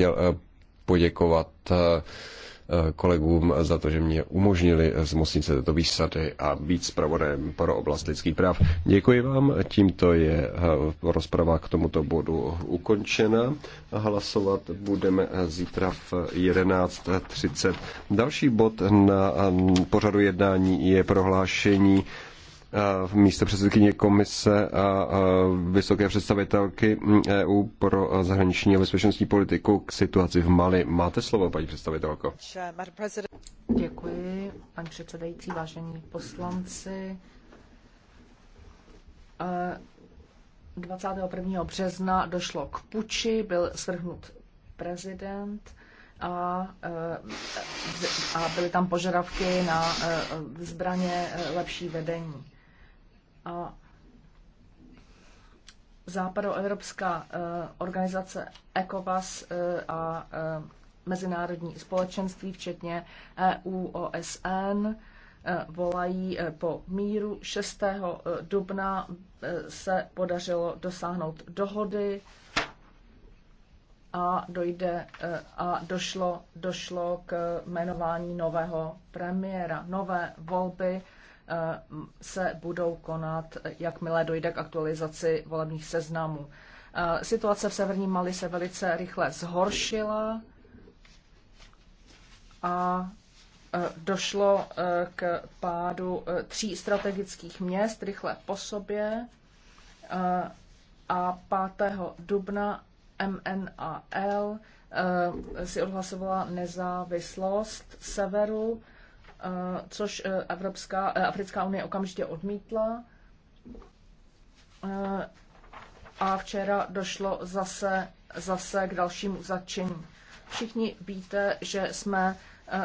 chtěl eh, poděkovat eh, eh, kolegům za to, že mě umožnili zmocnit se této výsady a být zpravodajem pro oblast lidských práv. Děkuji vám, tímto je rozprava k tomuto bodu ukončena. Hlasovat budeme zítra v 11.30. Další bod na pořadu jednání je prohlášení Eh, místo předsedkyně komise a vysoké představitelky EU pro zahraniční a bezpečnostní politiku k situaci v Mali. Máte slovo, paní představitelko. Děkuji, paní předsedající, vážení poslanci. 21. Eh, března došlo k puči, byl svrhnut prezident a, eh, a byly tam požadavky na zbraně lepší vedení. A západoevropská eh, organizace ECOWAS eh, a eh, mezinárodní společenství, včetně EU, OSN, volají po míru. 6. dubna se podařilo dosáhnout dohody a dojde a došlo, došlo k jmenování nového premiéra. Nové volby Eh, se budou konat, jakmile dojde k aktualizaci volebních seznamů. Eh, situace v severní Mali se velice rychle zhoršila a eh, došlo k pádu tří strategických měst rychle po sobě a 5. dubna MNAL si odhlasovala nezávislost severu Eh, což eh, Evropská, eh, Africká unie okamžitě odmítla. A včera došlo zase, zase k dalšímu začení. Všichni víte, že jsme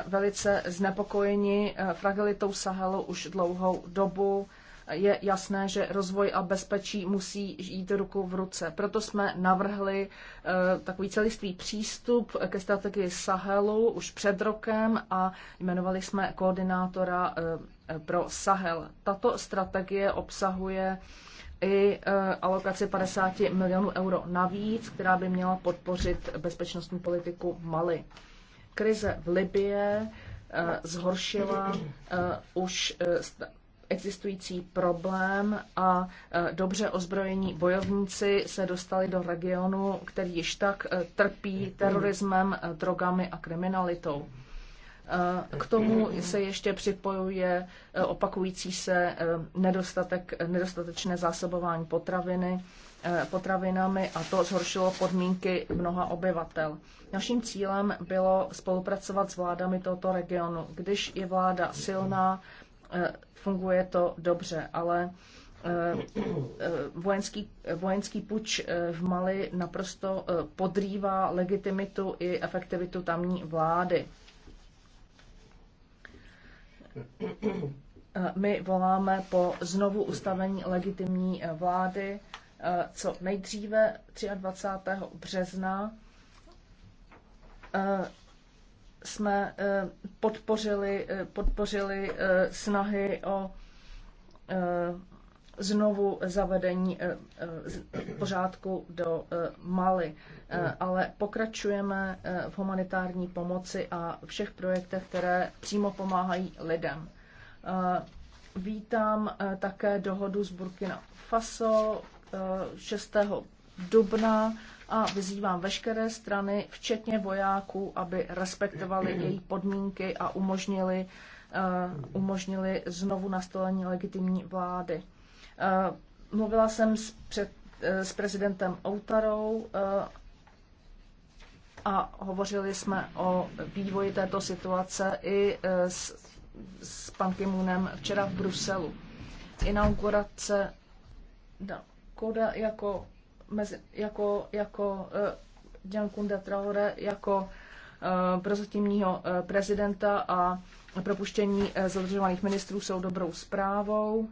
velice znepokojeni fragilitou Sahelu už dlouhou dobu je jasné, že rozvoj a bezpečí musí jít ruku v ruce. Proto jsme navrhli eh, takový celistvý přístup ke strategii Sahelu už před rokem a jmenovali jsme koordinátora eh, pro Sahel. Tato strategie obsahuje i eh, alokaci 50 milionů euro navíc, která by měla podpořit bezpečnostní politiku Mali. Krize v Libie zhoršila už existující problém a e, dobře ozbrojení bojovníci se dostali do regionu, který již tak e, trpí terorismem, e, drogami a kriminalitou. K tomu se ještě připojuje opakující se nedostatek, nedostatečné zásobování potraviny, potravinami a to zhoršilo podmínky mnoha obyvatel. Naším cílem bylo spolupracovat s vládami tohoto regionu. Když je vláda silná, Eh, funguje to dobře, ale eh, eh, vojenský, vojenský puč v Mali naprosto podrývá legitimitu i efektivitu tamní vlády. My voláme po znovu ustavení legitimní vlády co nejdříve 23. března jsme eh, podpořili, eh, podpořili eh, snahy o znovu zavedení pořádku do Mali. Ale pokračujeme v humanitární pomoci a všech projektech, které přímo pomáhají lidem. Vítám také dohodu z Burkina Faso 6. dubna a vyzývám veškeré strany, včetně vojáků, aby respektovali její podmínky a umožnili, eh, umožnili znovu nastolení legitimní vlády. Eh, mluvila jsem s, před, eh, s prezidentem Outarou a hovořili jsme o vývoji této situace i s, s pan Kimunem včera v Bruselu. Inaugurace da, Koda jako mezi, jako, jako eh, Kunda Traore, jako eh, prozatímního eh, prezidenta a propuštění zadržovaných ministrů jsou dobrou zprávou.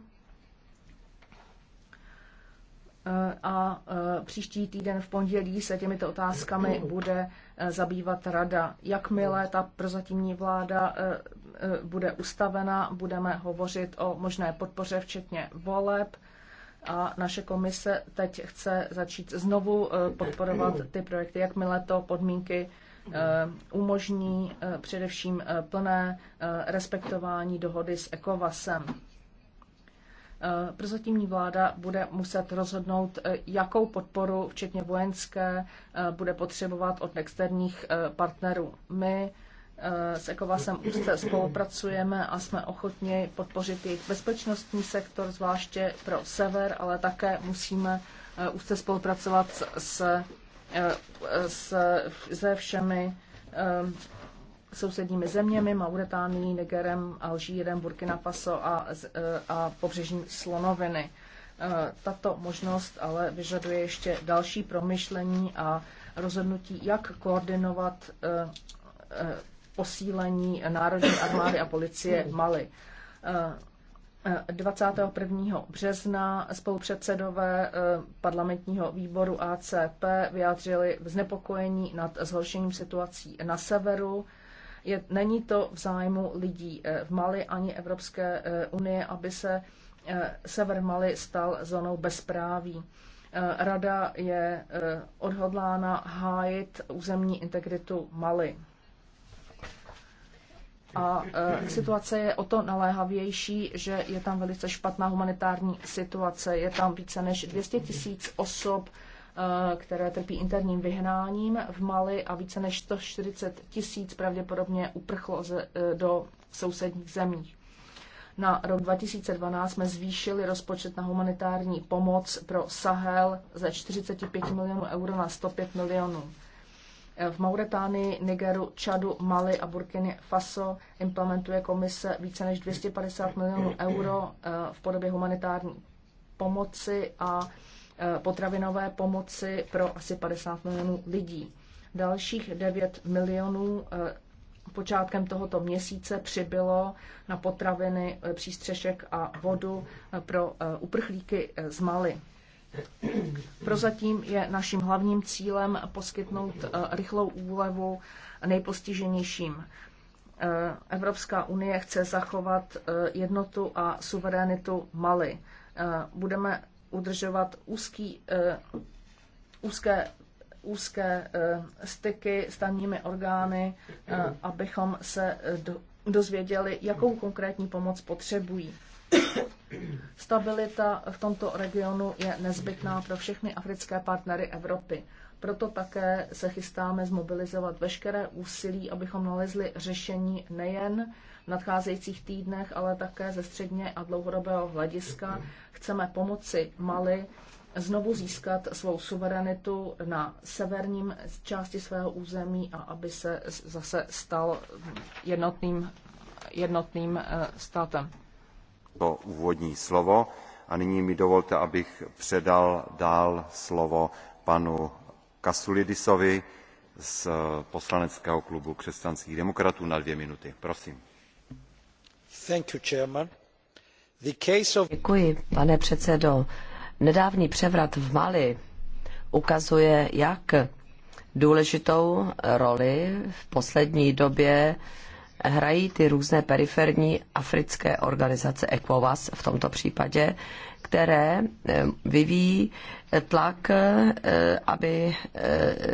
A příští týden v pondělí se těmito otázkami bude zabývat rada. Jakmile ta prozatímní vláda bude ustavena, budeme hovořit o možné podpoře, včetně voleb a naše komise teď chce začít znovu eh, podporovat ty projekty, jakmile to podmínky eh, umožní eh, především plné respektování dohody s ECOVASem. Prozatímní vláda bude muset rozhodnout, jakou podporu, včetně vojenské, bude potřebovat od externích partnerů. My Eh, s ECOWASem úzce spolupracujeme a jsme ochotni podpořit jejich bezpečnostní sektor, zvláště pro sever, ale také musíme úzce eh, spolupracovat s, s, eh, se všemi sousedními zeměmi, Mauretánií, Nigerem, Alžírem, Burkina Faso a, a pobřežní Slonoviny. Tato možnost ale vyžaduje ještě další promyšlení a rozhodnutí, jak koordinovat posílení národní armády a policie Mali. 21. Eh, eh, března spolupředsedové eh, parlamentního výboru ACP vyjádřili znepokojení nad zhoršením situací na severu. Je, není to v zájmu lidí v Mali ani Evropské unie, aby se sever Mali stal zónou bezpráví. Rada je odhodlána hájit územní integritu Mali. A e, situace je o to naléhavější, že je tam velice špatná humanitární situace. Je tam více než 200 tisíc osob, e, které trpí interním vyhnáním v Mali a více než 140 tisíc pravděpodobně uprchlo ze, e, do sousedních zemí. Na rok 2012 jsme zvýšili rozpočet na humanitární pomoc pro Sahel ze 45 milionů euro na 105 milionů v Mauretánii, Nigeru, Čadu, Mali a Burkiny Faso implementuje komise více než 250 milionů euro eh, v podobě humanitární pomoci a eh, potravinové pomoci pro asi 50 milionů lidí. Dalších 9 milionů eh, počátkem tohoto měsíce přibylo na potraviny, přístřešek a vodu pro uprchlíky z Mali. Prozatím je naším hlavním cílem poskytnout eh, rychlou úlevu nejpostiženějším. Eh, Evropská unie chce zachovat eh, jednotu a suverénitu Mali. Budeme udržovat úzký, úzké, úzké styky s tamními orgány, abychom se dozvěděli, jakou konkrétní pomoc potřebují. Stabilita v tomto regionu je nezbytná pro všechny africké partnery Evropy. Proto také se chystáme zmobilizovat veškeré úsilí, abychom nalezli řešení nejen v nadcházejících týdnech, ale také ze středně a dlouhodobého hlediska. Chceme pomoci Mali znovu získat svou suverenitu na severním části svého území a aby se zase stal jednotným, jednotným eh, státem to úvodní slovo a nyní mi dovolte abych předal dál slovo panu kasoulidisovi z poslaneckého klubu křesťanských demokratů na dvě minuty. prosím. Děkuji, pane předsedo. Nedávný převrat v Mali ukazuje, jak důležitou roli v poslední době uh, hrají ty různé periferní africké organizace ECOWAS v tomto případě, které eh, vyvíjí eh, tlak, eh, aby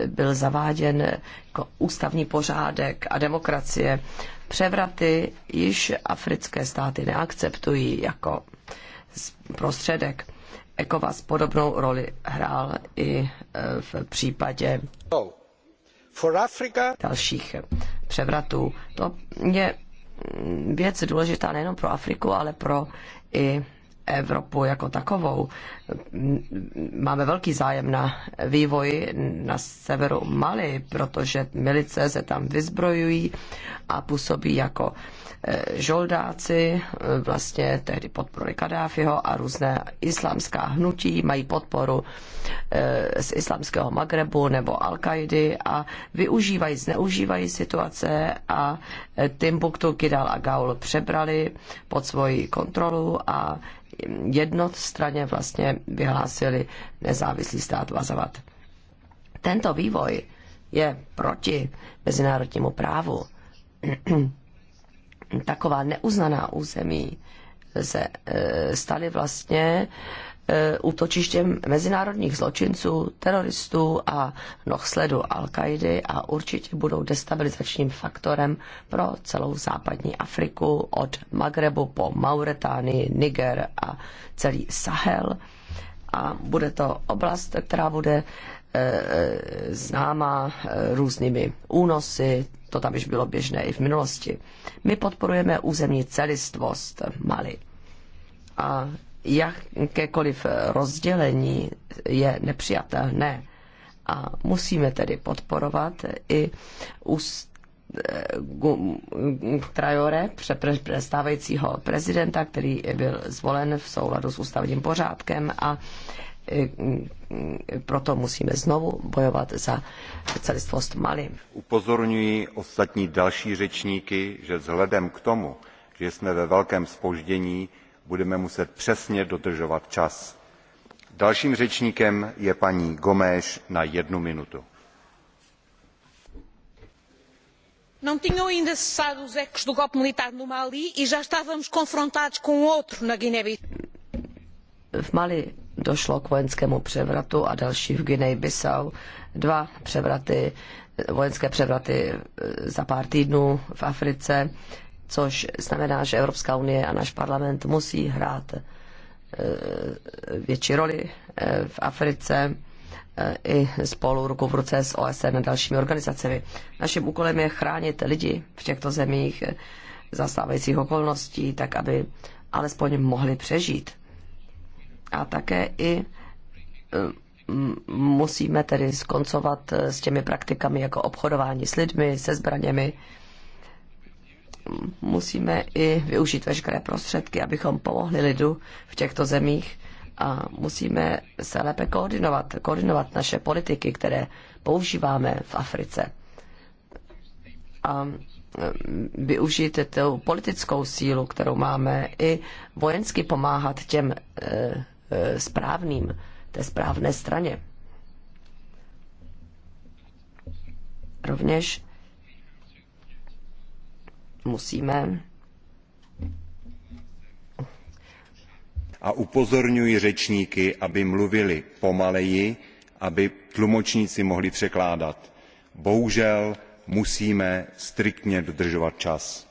byl zaváděn jako ústavní pořádek a demokracie. Převraty již africké státy neakceptují jako prostředek. ECOWAS podobnou roli hrál i v případě. Oh dalších eh, převratů. To je věc důležitá nejen pro Afriku, ale pro i Evropu jako takovou. Máme velký zájem na vývoji na severu Mali, protože milice se tam vyzbrojují a působí jako eh, žoldáci, eh, vlastně tehdy podpory Kadáfiho a různé islámská hnutí mají podporu eh, z islámského Magrebu nebo al a využívají, zneužívají situace a Timbuktu, Kidal a Gaul přebrali pod svoji kontrolu a jednostranně vlastně vyhlásili nezávislý stát Vazavat. Tento vývoj je proti mezinárodnímu právu. Taková neuznaná území se eh, staly vlastně E, útočištěm mezinárodních zločinců, teroristů a nohsledu al kaidy a určitě budou destabilizačním faktorem pro celou západní Afriku od Magrebu po Mauretánii, Niger a celý Sahel. A bude to oblast, která bude e, e, známá různými únosy, to tam již bylo běžné i v minulosti. My podporujeme územní celistvost Mali. A jakékoliv rozdělení je nepřijatelné. A musíme tedy podporovat i úst eh, Trajore, stávajícího prezidenta, který byl zvolen v souladu s ústavním pořádkem a eh, proto musíme znovu bojovat za celistvost Mali. Upozorňuji ostatní další řečníky, že vzhledem k tomu, že jsme ve velkém spoždění, budeme muset přesně dodržovat čas. dalším řečníkem je paní gomes na jednu minutu. Não tinham ainda cessado os ecos do golpe militar no Mali e já estávamos confrontados com outro na guiné V Mali došlo k vojenskému převratu a další v guinea bissau Dva převraty, vojenské převraty e, za pár týdnů v Africe což znamená, že Evropská unie a náš parlament musí hrát eh, větší roli eh, v Africe eh, i spolu ruku v ruce s OSN a dalšími organizacemi. Naším úkolem je chránit lidi v těchto zemích zastávajících okolností, tak aby alespoň mohli přežít. A také i musíme tedy skoncovat s těmi praktikami jako obchodování s lidmi, se zbraněmi, musíme i využít veškeré prostředky, abychom pomohli lidu v těchto zemích a musíme se lépe koordinovat, koordinovat naše politiky, které používáme v Africe. A využít tu politickou sílu, kterou máme, i vojensky pomáhat těm e, e správným, té správné straně. Rovněž musíme a upozorňuji řečníky aby mluvili pomaleji aby tlumočníci mohli překládat. bohužel musíme striktně dodržovat čas.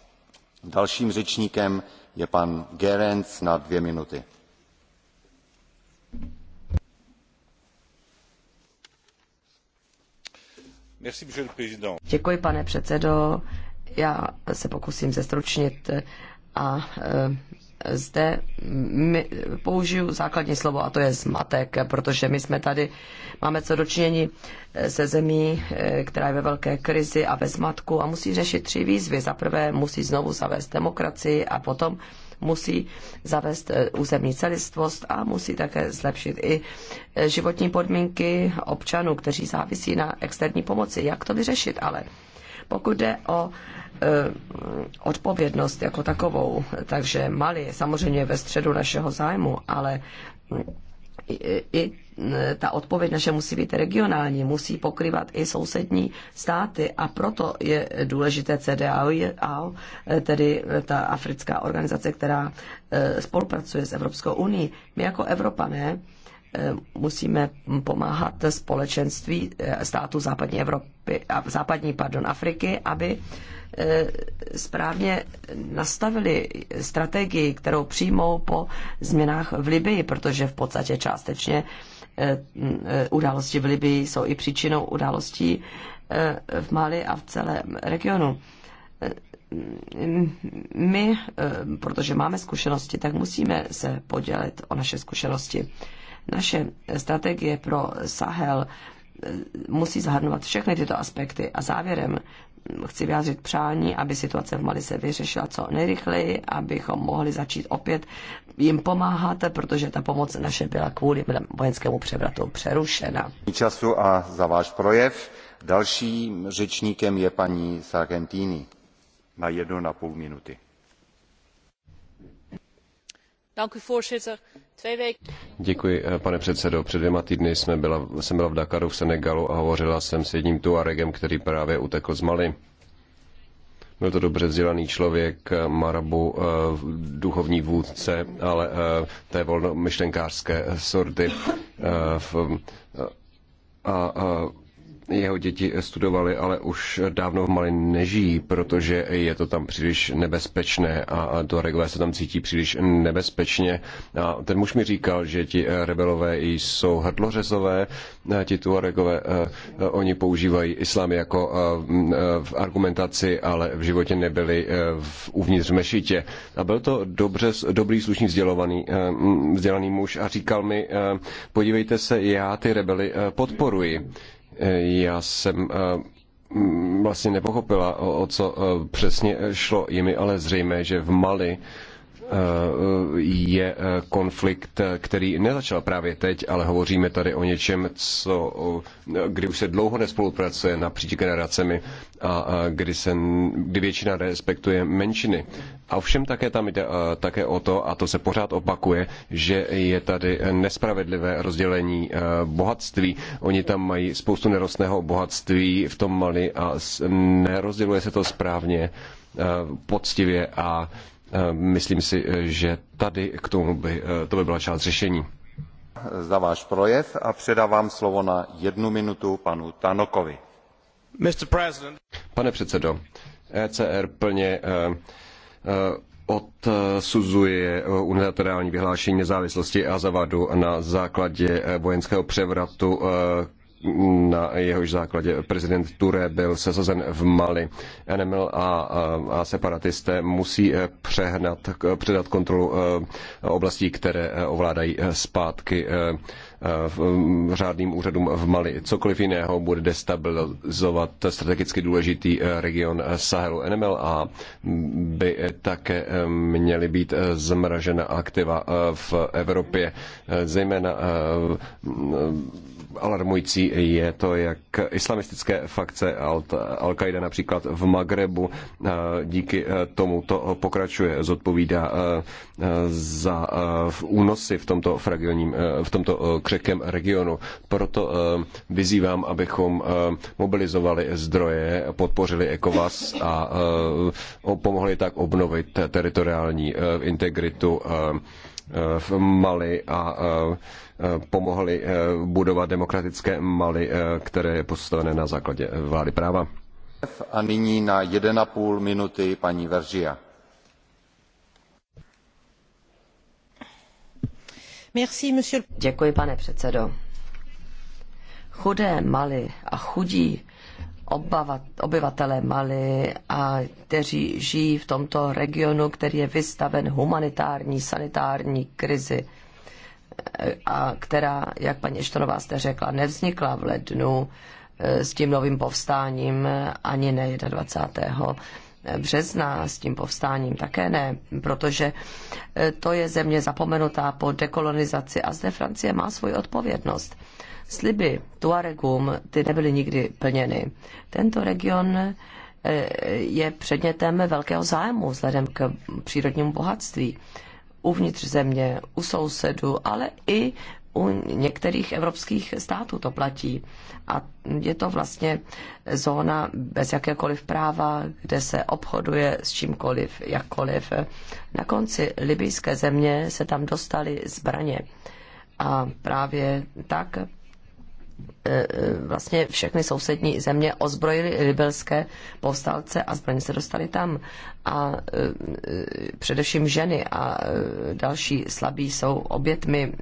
dalším řečníkem je pan Gerenc na dvě minuty. Děkuji, pane předsedo já se pokusím zestručnit a e, zde my, použiju základní slovo a to je zmatek, protože my jsme tady, máme co dočinění e, se zemí, e, která je ve velké krizi a ve zmatku a musí řešit tři výzvy. Za prvé musí znovu zavést demokracii a potom musí zavést územní celistvost a musí také zlepšit i životní podmínky občanů, kteří závisí na externí pomoci. Jak to vyřešit ale? Pokud jde o e, odpovědnost jako takovou, takže Mali samozřejmě ve středu našeho zájmu, ale i, i ta odpověď naše musí být regionální, musí pokrývat i sousední státy a proto je důležité CDAO, e, tedy ta africká organizace, která e, spolupracuje s Evropskou unii. My jako Evropané Eh, musíme pomáhat společenství eh, států západní Evropy, západní pardon, Afriky, aby eh, správně nastavili strategii, kterou přijmou po změnách v Libii, protože v podstatě částečně události v Libii jsou i příčinou událostí v Mali a v celém regionu. My, protože máme zkušenosti, tak musíme se podělit o naše zkušenosti. Naše strategie pro Sahel eh, musí zahrnovat všechny tyto aspekty a závěrem chci vyjádřit přání, aby situace v Mali se vyřešila co nejrychleji, abychom mohli začít opět jim pomáhat, protože ta pomoc naše byla kvůli vojenskému převratu přerušena. Času a za váš projev. Dalším řečníkem je paní Sargentini na jednu na půl minuty. Děkuji, eh, pane předsedající Před dvěma týdny jsme byla, jsem byla v Dakaru v Senegalu a hovořila jsem s jedním Tuaregem, který právě utekl z Mali. Byl to dobře vzdělaný člověk, eh, marabu, eh, duchovní vůdce, ale té volnomyšlenkářské sorty. A, a, jeho děti studovaly, ale už dávno v Mali nežijí, protože je to tam příliš nebezpečné a Tuaregové se tam cítí příliš nebezpečně. A ten muž mi říkal, že ti rebelové jsou hrdlořezové, ti Tuaregové, eh, eh, oni používají islám jako eh, v argumentaci, ale v životě nebyli v, uvnitř mešitě. A byl to dobře, dobrý, slušný, vzdělovaný, vzdělaný muž a říkal mi, podívejte se, já ty rebely podporuji. Já jsem eh, mm, vlastně nepochopila, o co eh, přesně eh, šlo. Je mi ale zřejmé, že v Mali je konflikt, který nezačal právě teď, ale hovoříme tady o něčem, co, kdy už se dlouho nespolupracuje napříč generacemi a kdy, se, kdy většina respektuje menšiny. A ovšem také tam jde eh, také o to, a to se pořád opakuje, že je tady nespravedlivé rozdělení eh, bohatství. Oni tam mají spoustu nerostného bohatství v tom Mali a nerozděluje se to správně, eh, poctivě a myslím si, že tady k tomu by, to by byla část řešení. Za váš projev a předávám slovo na jednu minutu panu Tanokovi. Pane předsedo, ECR plně Eh, odsuzuje eh, unilaterální vyhlášení nezávislosti Azavadu na základě eh, vojenského převratu, na jehož základě prezident Ture byl sesazen v Mali. NML a, a separatisté musí přehnat, předat kontrolu oblastí, které ovládají zpátky v mm, řádným úřadům v Mali. Cokoliv jiného bude destabilizovat strategicky důležitý eh, region eh, Sahelu NML a by eh, také měly být zmražena aktiva v Evropě, zejména alarmující je to, jak islamistické fakce Al-Qaida například v Magrebu eh, díky eh, tomu to pokračuje, zodpovídá eh, za únosy v tomto, fragilním, v tomto křekem regionu. Proto vyzývám, abychom mobilizovali zdroje, podpořili ECOVAS a pomohli tak obnovit teritoriální integritu v Mali a e, e, pomohli e, budovat demokratické Mali, které je postavené na základě vlády práva. A nyní na 1,5 minuty paní Veržia. Děkuji, pane předsedo. Chudé Mali a chudí obyvatelé Mali, a kteří žijí v tomto regionu, který je vystaven humanitární, sanitární krizi, a která, jak paní Štonová jste řekla, nevznikla v lednu eh, s tím novým povstáním ani ne 21 března s tím povstáním také ne, protože eh, to je země zapomenutá po dekolonizaci a zde Francie má svoji odpovědnost. Sliby Tuaregům ty nebyly nikdy plněny. Tento region eh, je předmětem velkého zájmu vzhledem k přírodnímu bohatství uvnitř země, u sousedů, ale i u některých evropských států to platí. A je to vlastně zóna bez jakékoliv práva, kde se obchoduje s čímkoliv, jakkoliv. Na konci libijské země se tam dostaly zbraně. A právě tak E, vlastně všechny sousední země ozbrojili libelské povstalce a zbraně se dostali tam. A e, především ženy a e, další slabí jsou obětmi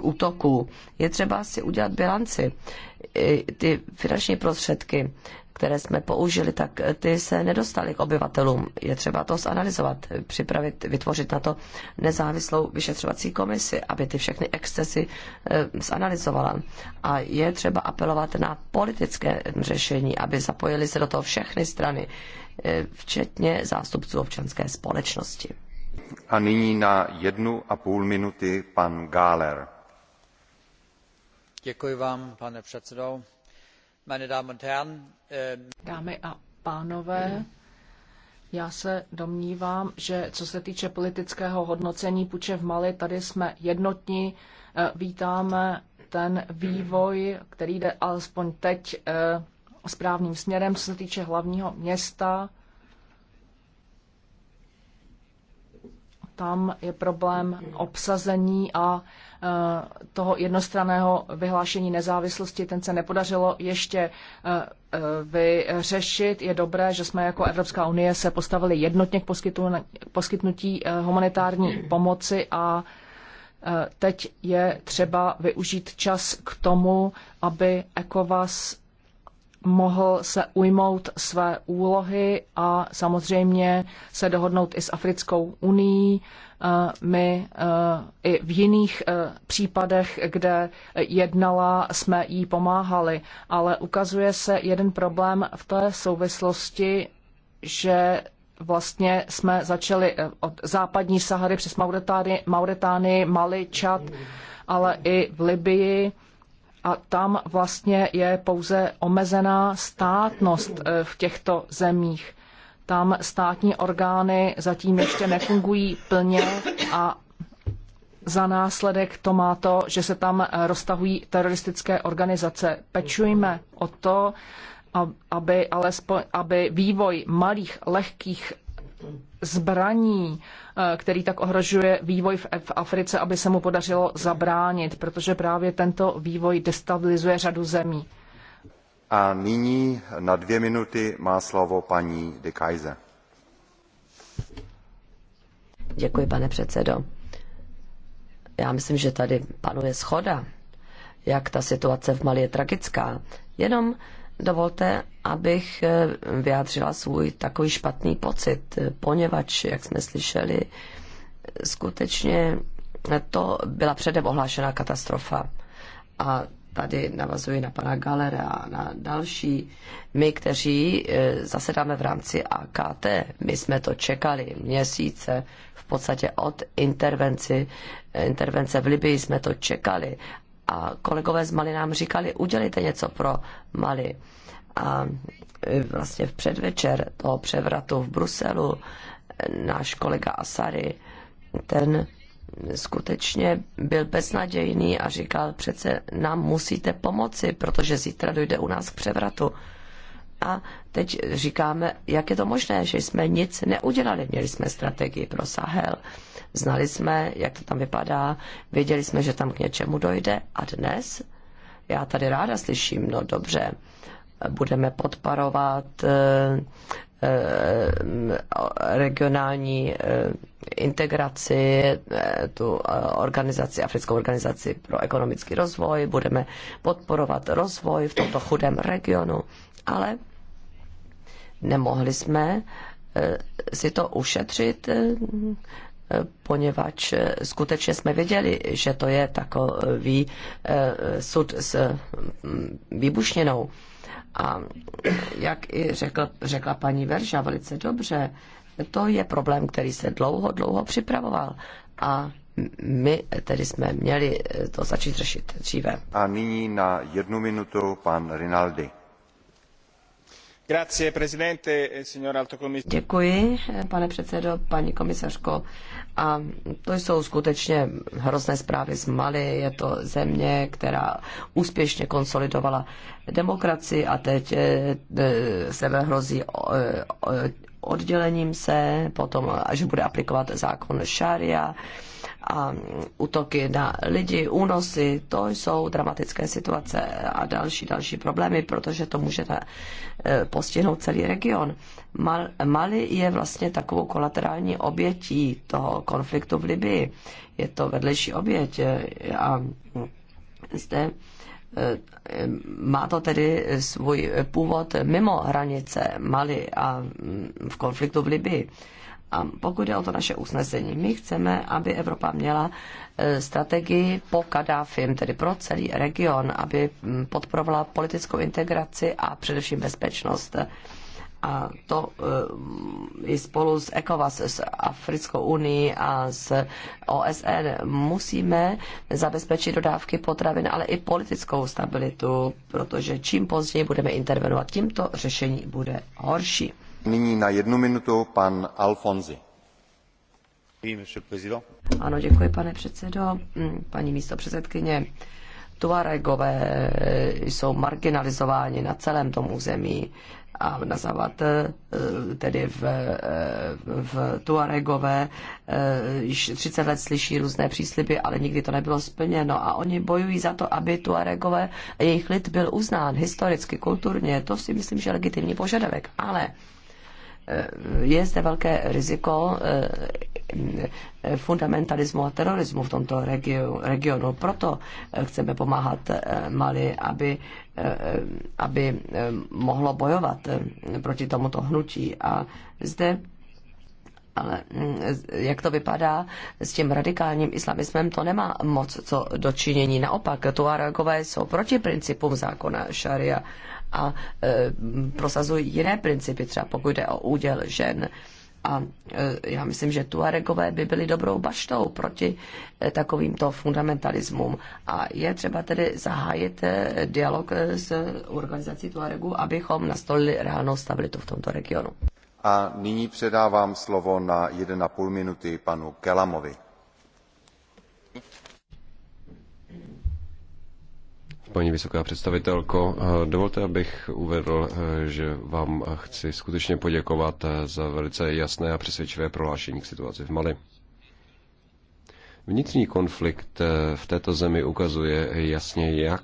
útoků. Je třeba si udělat bilanci. Ty finanční prostředky které jsme použili, tak ty se nedostaly k obyvatelům. Je třeba to zanalizovat, připravit, vytvořit na to nezávislou vyšetřovací komisi, aby ty všechny excesy eh, zanalizovala. A je třeba apelovat na politické řešení, aby zapojili se do toho všechny strany, eh, včetně zástupců občanské společnosti. A nyní na jednu a půl minuty pan Gáler. Děkuji vám, pane předsedo Ähm, Dámy a pánové, já se domnívám, že co se týče politického hodnocení puče v Mali, tady jsme jednotní. Eh, vítáme ten vývoj, který jde alespoň teď eh, správným směrem, co se týče hlavního města. Tam je problém obsazení a Eh, toho jednostraného vyhlášení nezávislosti, ten se nepodařilo ještě eh, eh, vyřešit. Je dobré, že jsme jako Evropská unie se postavili jednotně k poskytnutí humanitární pomoci a teď je třeba využít čas k tomu, aby ECOVAS mohl se ujmout své úlohy a samozřejmě se dohodnout i s Africkou unii my eh, i v jiných eh, případech, kde jednala, jsme jí pomáhali, ale ukazuje se jeden problém v té souvislosti, že vlastně jsme začali eh, od západní Sahary přes Mauretánii, Mali, Čad, ale i v Libii a tam vlastně je pouze omezená státnost v těchto zemích. Tam státní orgány zatím ještě nefungují plně a za následek to má to, že se tam roztahují teroristické organizace. Pečujme o to, aby, alespoň, aby vývoj malých, lehkých zbraní, eh, který tak ohrožuje vývoj v Africe, aby se mu podařilo zabránit, protože právě tento vývoj destabilizuje řadu zemí. A nyní na dvě minuty má slovo paní de Kaiser. Děkuji, pane předsedo. Já myslím, že tady panuje schoda, jak ta situace v Mali je tragická. Jenom dovolte, abych eh, vyjádřila svůj takový špatný pocit, eh, poněvadž, jak jsme slyšeli, skutečně to byla předem ohlášená katastrofa. A tady navazuji na pana Galera a na další. My, kteří e, zasedáme v rámci AKT, my jsme to čekali měsíce, v podstatě od intervenci, e, intervence v Libii jsme to čekali. A kolegové z Mali nám říkali, udělejte něco pro Mali. A e, vlastně v předvečer toho převratu v Bruselu náš kolega Asari, ten skutečně byl beznadějný a říkal, přece nám musíte pomoci, protože zítra dojde u nás k převratu. A teď říkáme, jak je to možné, že jsme nic neudělali. Měli jsme strategii pro Sahel, znali jsme, jak to tam vypadá, věděli jsme, že tam k něčemu dojde. A dnes, já tady ráda slyším, no dobře, budeme podparovat eh, Eh, regionální eh, integraci, eh, tu organizaci, Africkou organizaci pro ekonomický rozvoj, budeme podporovat rozvoj v tomto chudém regionu, ale nemohli jsme si to ušetřit, poněvadž skutečně jsme věděli, že to je takový sud s mm, výbušněnou. A jak i řekl, řekla paní Verža velice dobře, to je problém, který se dlouho, dlouho připravoval. A my tedy jsme měli to začít řešit dříve. A nyní na jednu minutu pan Rinaldi. Děkuji, pane předsedo, paní komisařko. A to jsou skutečně hrozné zprávy z Mali. Je to země, která úspěšně konsolidovala demokracii a teď eh, eh, se hrozí eh, oddělením se, potom, až bude aplikovat zákon šaria a útoky na lidi, únosy, to jsou dramatické situace a další, další problémy, protože to může eh, postihnout celý region. Mali je vlastně takovou kolaterální obětí toho konfliktu v Libii. Je to vedlejší oběť eh, a hm, zde eh, má to tedy svůj původ mimo hranice Mali a hm, v konfliktu v Libii. A pokud je o to naše usnesení, my chceme, aby Evropa měla e, strategii po Kadáfim, tedy pro celý region, aby podporovala politickou integraci a především bezpečnost a to e, i spolu s ECOWAS, s Africkou unii a s OSN musíme zabezpečit dodávky potravin, ale i politickou stabilitu, protože čím později budeme intervenovat, tím to řešení bude horší. Nyní na jednu minutu pan Ano, děkuji, pane předsedající mm, Paní místo Tuaregové jsou marginalizováni na celém tom území a nazávat eh, tedy v, eh, v Tuaregové eh, již 30 let slyší různé přísliby, ale nikdy to nebylo splněno a oni bojují za to, aby Tuaregové jejich lid byl uznán historicky, kulturně, to si myslím, že je legitimní požadavek, ale je zde velké riziko eh, fundamentalismu a terorismu v tomto regionu. Proto eh, chceme pomáhat eh, Mali, aby, aby mohlo bojovat proti tomuto hnutí. A zde ale hm, jak to vypadá s tím radikálním islamismem, to nemá moc co dočinění. Naopak, Tuaregové jsou proti principům zákona šaria a e, prosazují jiné principy, třeba pokud jde o úděl žen. A e, já myslím, že Tuaregové by byli dobrou baštou proti e, takovýmto fundamentalismům. A je třeba tedy zahájit dialog s organizací Tuaregu, abychom nastolili reálnou stabilitu v tomto regionu. A nyní předávám slovo na 1,5 minuty panu Kelamovi. paní vysoká představitelko. Eh, dovolte, abych uvedl, eh, že vám chci skutečně poděkovat eh, za velice jasné a přesvědčivé prohlášení k situaci v Mali. Vnitřní konflikt v této zemi ukazuje jasně, jak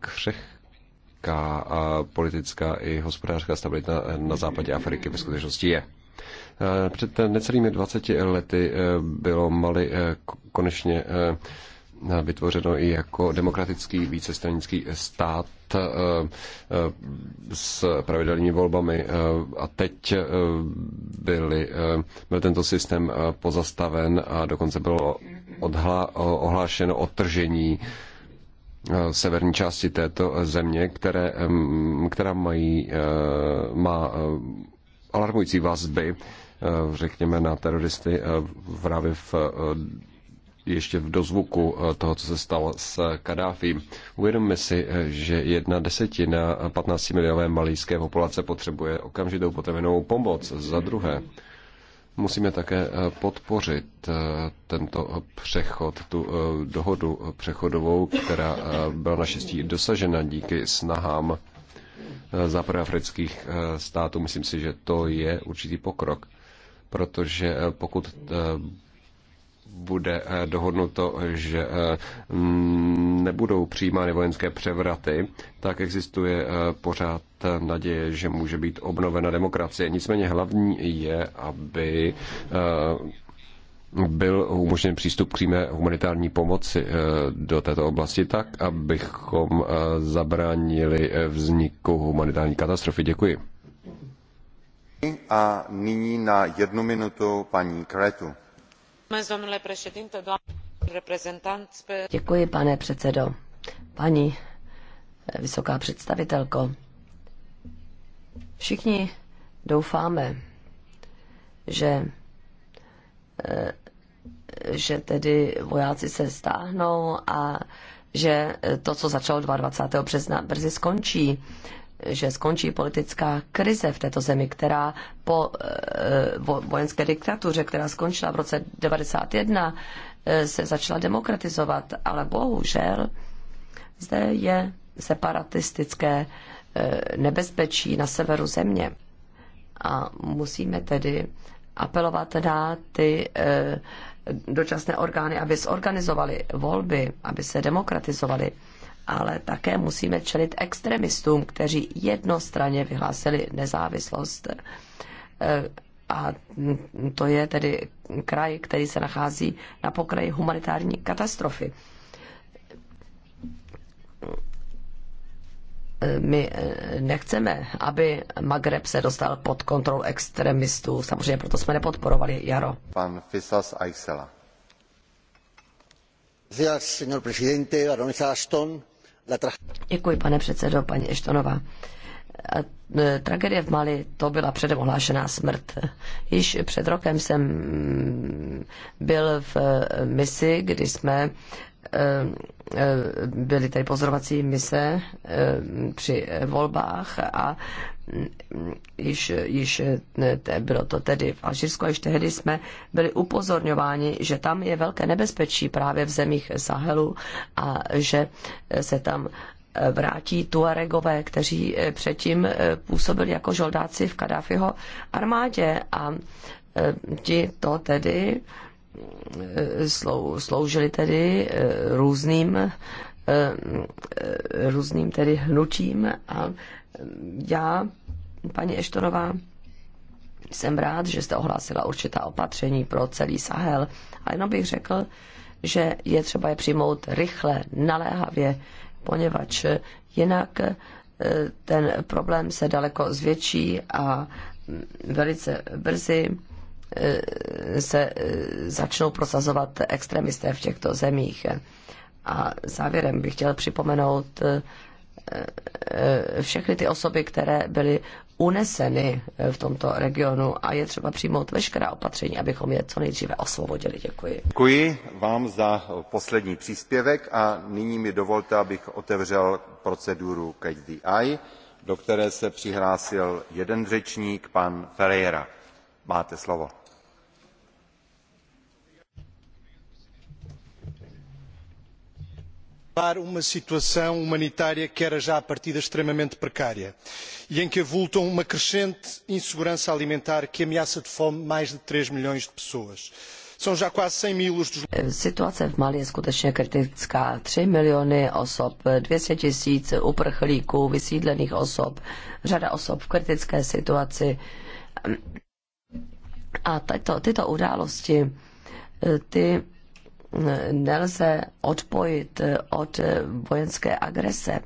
křehká a politická i hospodářská stabilita na západě Afriky ve skutečnosti je. Před necelými 20 lety bylo Mali konečně vytvořeno i jako demokratický vícestranický stát eh, eh, s pravidelnými volbami eh, a teď byly, byl tento systém pozastaven a dokonce bylo odhla, ohlášeno otržení severní části této země, které, která mají, má alarmující vazby, řekněme, na teroristy právě v ještě v dozvuku eh, toho, co se stalo s Kadáfím. Uvědomme si, eh, že jedna desetina 15 eh, milionové malijské populace potřebuje okamžitou potravinovou pomoc. Za druhé, musíme také podpořit tento přechod, tu dohodu přechodovou, která byla naštěstí dosažena díky snahám západoafrických států. Myslím si, že to je určitý pokrok, protože pokud bude eh, dohodnuto, že eh, mm, nebudou přijímány vojenské převraty, tak existuje eh, pořád naděje, že může být obnovena demokracie. Nicméně hlavní je, aby byl umožněn přístup k přímé humanitární pomoci do této oblasti tak, abychom zabránili vzniku humanitární katastrofy. Děkuji. A nyní na jednu minutu paní Kretu Děkuji, pane předsedo. Paní eh, vysoká představitelko, všichni doufáme, že eh, že tedy vojáci se stáhnou a že to, co začalo 22. března, brzy skončí že skončí politická krize v této zemi, která po eh, vojenské diktatuře, která skončila v roce 1991, eh, se začala demokratizovat, ale bohužel zde je separatistické eh, nebezpečí na severu země. A musíme tedy apelovat na ty dočasné orgány, aby zorganizovali volby, aby se demokratizovali ale také musíme čelit extremistům, kteří jednostranně vyhlásili nezávislost. Eh, a to je tedy kraj, který se nachází na pokraji humanitární katastrofy. my eh, nechceme, aby Magreb se dostal pod kontrolu extremistů. Samozřejmě proto jsme nepodporovali Jaro. Pan Fisas Aixela. Gracias, señor presidente, baronesa Ashton. Děkuji, pane předsedo, paní Eštonová. E, tragédie v Mali, to byla předem ohlášená smrt. Již před rokem jsem byl v e, misi, kdy jsme e, byli tady pozorovací mise při volbách a již, již te, bylo to tedy v Alžírsku a již tehdy jsme byli upozorňováni, že tam je velké nebezpečí právě v zemích Sahelu a že se tam eh, vrátí Tuaregové, kteří eh, předtím eh, působili jako žoldáci v Kadáfiho armádě a ti to tedy sloužili tedy různým různým tedy hnutím a já, paní Eštorová, jsem rád, že jste ohlásila určitá opatření pro celý Sahel, ale jenom bych řekl, že je třeba je přijmout rychle, naléhavě, poněvadž jinak e, ten problém se daleko zvětší a mm, velice brzy e, se e, začnou prosazovat extremisté v těchto zemích. A závěrem bych chtěl připomenout Eh, všechny ty osoby, které byly uneseny eh, v tomto regionu a je třeba přijmout veškerá opatření, abychom je co nejdříve osvobodili. Děkuji. Děkuji vám za poslední příspěvek a nyní mi dovolte, abych otevřel proceduru Catch the Eye, do které se přihlásil jeden řečník, pan Ferreira. Máte slovo. salvar uma situação humanitária que era já à partida extremamente precária e em que avultam uma crescente insegurança alimentar que ameaça de fome mais de 3 milhões de pessoas. São já quase 100 milionů. Eh, Situace v Mali je skutečně kritická. 3 miliony osob, 200 tisíc uprchlíků, vysídlených osob, řada osob v kritické situaci. A tato, tyto události, e, ty nelze odpojit eh, od eh, vojenské agrese.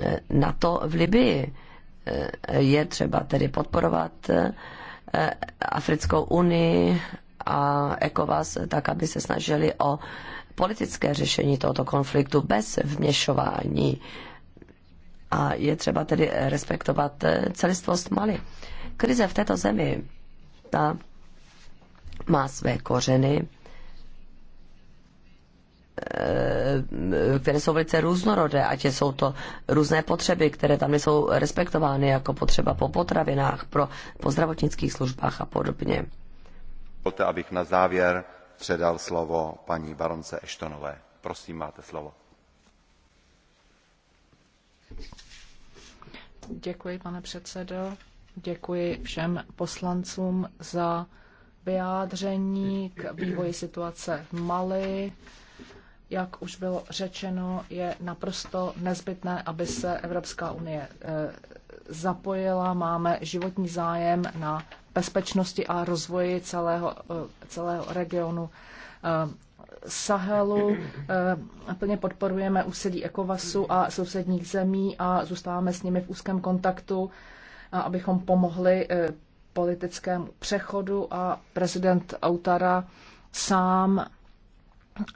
Eh, na to v Libii je třeba tedy podporovat Africkou unii a ECOWAS tak, aby se snažili o politické řešení tohoto konfliktu bez vměšování. A je třeba tedy respektovat celistvost Mali. Krize v této zemi, ta má své kořeny, eh, které jsou velice různorodé, ať jsou to různé potřeby, které tam nejsou respektovány, jako potřeba po potravinách, pro, po zdravotnických službách a podobně. Poté abych na závěr předal slovo paní baronce Eštonové. Prosím, máte slovo. Děkuji, pane předsedo. Děkuji všem poslancům za vyjádření k vývoji situace v Mali. Jak už bylo řečeno, je naprosto nezbytné, aby se Evropská unie eh, zapojila. Máme životní zájem na bezpečnosti a rozvoji celého, eh, celého regionu eh, Sahelu. Plně podporujeme úsilí ECOVASu a sousedních zemí a zůstáváme s nimi v úzkém kontaktu, abychom pomohli politickému přechodu a prezident Autara sám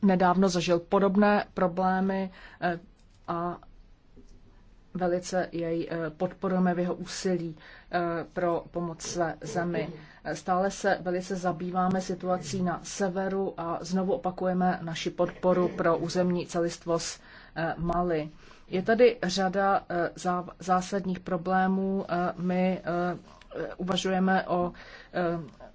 nedávno zažil podobné problémy eh, a velice jej eh, podporujeme v jeho úsilí eh, pro pomoc své zemi. Stále se velice zabýváme situací na severu a znovu opakujeme naši podporu pro územní celistvost Mali. Je tady řada zásadních problémů. My Eh, uvažujeme o eh,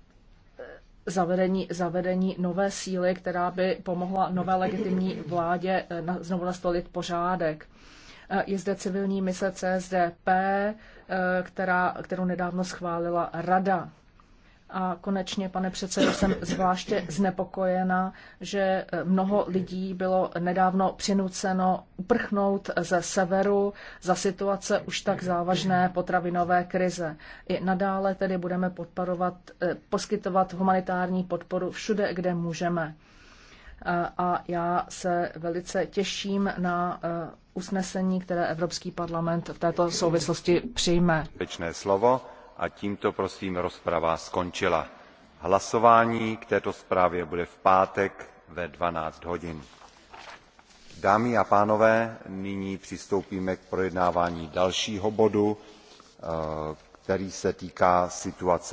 zavedení, zavedení nové síly, která by pomohla nové legitimní vládě eh, znovu nastolit pořádek. Je zde civilní mise CSDP, která, kterou nedávno schválila Rada. A konečně, pane předsedo, jsem zvláště znepokojena, že eh, mnoho lidí bylo nedávno přinuceno uprchnout eh, ze severu za situace už tak závažné potravinové krize. I nadále tedy budeme podporovat, eh, poskytovat humanitární podporu všude, kde můžeme. A já se velice těším na usnesení, které Evropský parlament v této souvislosti přijme. Pečné slovo a tímto prosím rozprava skončila. hlasování k této zprávě bude v pátek ve twelve hodin. dámy a pánové nyní přistoupíme k projednávání dalšího bodu eh, který se týká situace